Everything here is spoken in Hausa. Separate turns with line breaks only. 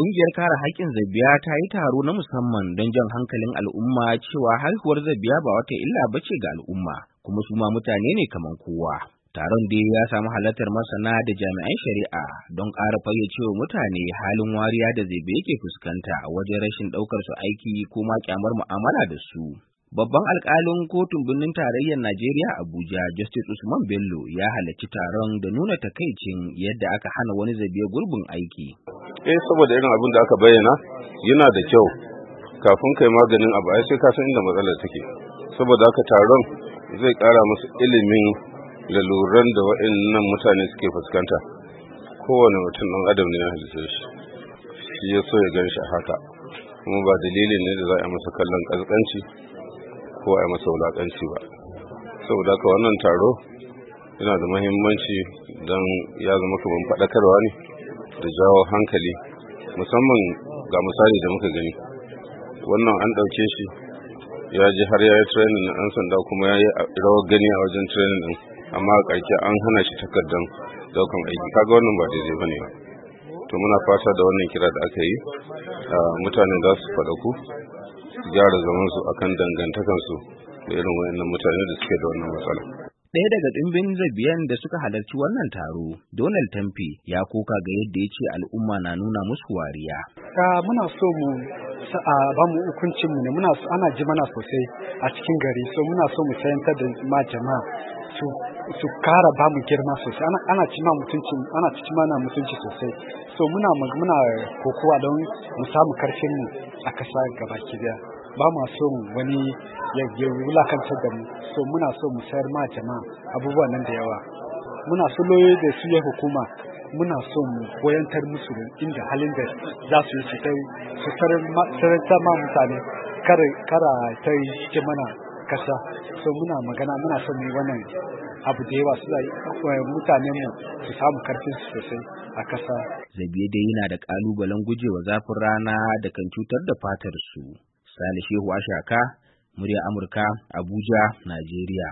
Ƙungiyar kare haƙƙin zabiya ta yi taro na musamman don jan hankalin al'umma cewa haihuwar zabiya ba wata illa ba ce ga al'umma, kuma su ma mutane ne kamar kowa. Taron dai ya samu halartar masana da jami'an shari'a don ƙara fayyacewa mutane halin wariya da zabe yake fuskanta wajen rashin ɗaukar su aiki ko ma kyamar mu'amala da su. Babban alkalin kotun birnin tarayyar Najeriya Abuja Justice Usman Bello ya halarci taron da nuna takaicin yadda aka hana wani zabe gurbin aiki.
eh saboda irin abin da aka bayyana yana da kyau kafin kai maganin abu ai sai ka san inda matsalar take saboda haka taron zai kara musu ilimin laluran da wa'annan mutane suke fuskanta kowane mutum ɗan adam ne ya halitta shi shi ya so ya gan shi haka kuma ba dalilin ne da za a yi masa kallon ƙasƙanci ko a yi masa wulaƙanci ba saboda haka wannan taro yana da mahimmanci don ya zama kamar faɗakarwa ne da jawo hankali musamman ga misali da muka gani wannan an ɗauke shi ya ji har ya yi training na sanda kuma ya yi rawar gani a wajen training din amma a ƙarshe an hana shi takardar daukan aiki kaga wannan ba daidai ba ne to muna fata da wannan kira da aka yi mutane za su ku gyara zamansu akan dangantakansu da irin wayannan mutane da suke da wannan matsala
Ɗaya daga ɗimbin zabiyan da suka halarci wannan taro, Donald Tamfi ya koka ga yadda ya ce al'umma na nuna musu wariya.
Ka ah, muna so mu a ba mu hukuncin mu ne muna so ana ji mana sosai a cikin gari so muna so mu sayantar da ma jama'a su su kara ba mu girma sosai ana ana ci ma mutunci ana ci mana mutunci sosai so muna muna kokowa don mu samu karfin mu a kasa gaba daya. ba ma son wani ya wulakantar da mu so muna so mu sayar ma jama'a abubuwan nan da yawa muna so loyoyi da su ya hukuma muna so mu koyantar musu inda halin da za su yi su su sarrafa ma mutane kara ta yi cikin mana kasa so muna magana muna so mu yi wannan abu da yawa suna eh, mutane mu su samu karfin su sosai a kasa
zabiye dai yana da kalubalen gujewa zafin rana da kan cutar da fatar su Sani Shehu Ashaka, murya Amurka, Abuja, Najeriya.